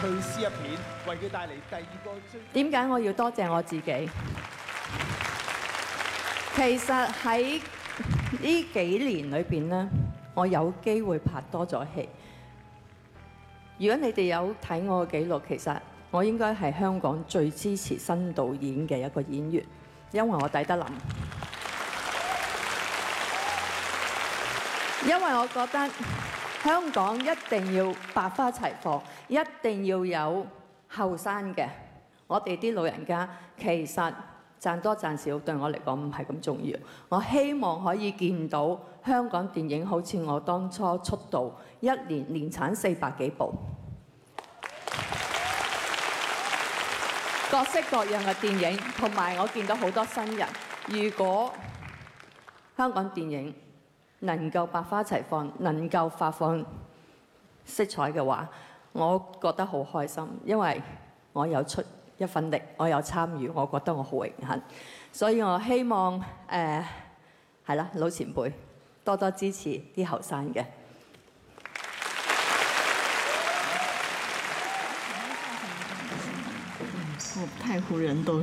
去絲一片，為佢帶嚟第二個最。點解我要多謝我自己？其實喺呢幾年裏邊呢我有機會拍多咗戲。如果你哋有睇我嘅記錄，其實我應該係香港最支持新導演嘅一個演員，因為我抵得諗，因為我覺得。香港一定要百花齊放，一定要有後生嘅。我哋啲老人家其實賺多賺少對我嚟講唔係咁重要。我希望可以見到香港電影好似我當初出道，一年連產四百幾部，各式各樣嘅電影，同埋我見到好多新人。如果香港電影，能夠百花齊放，能夠發放色彩嘅話，我覺得好開心，因為我有出一份力，我有參與，我覺得我好榮幸，所以我希望誒係啦，老前輩多多支持啲後生嘅。我太湖人多。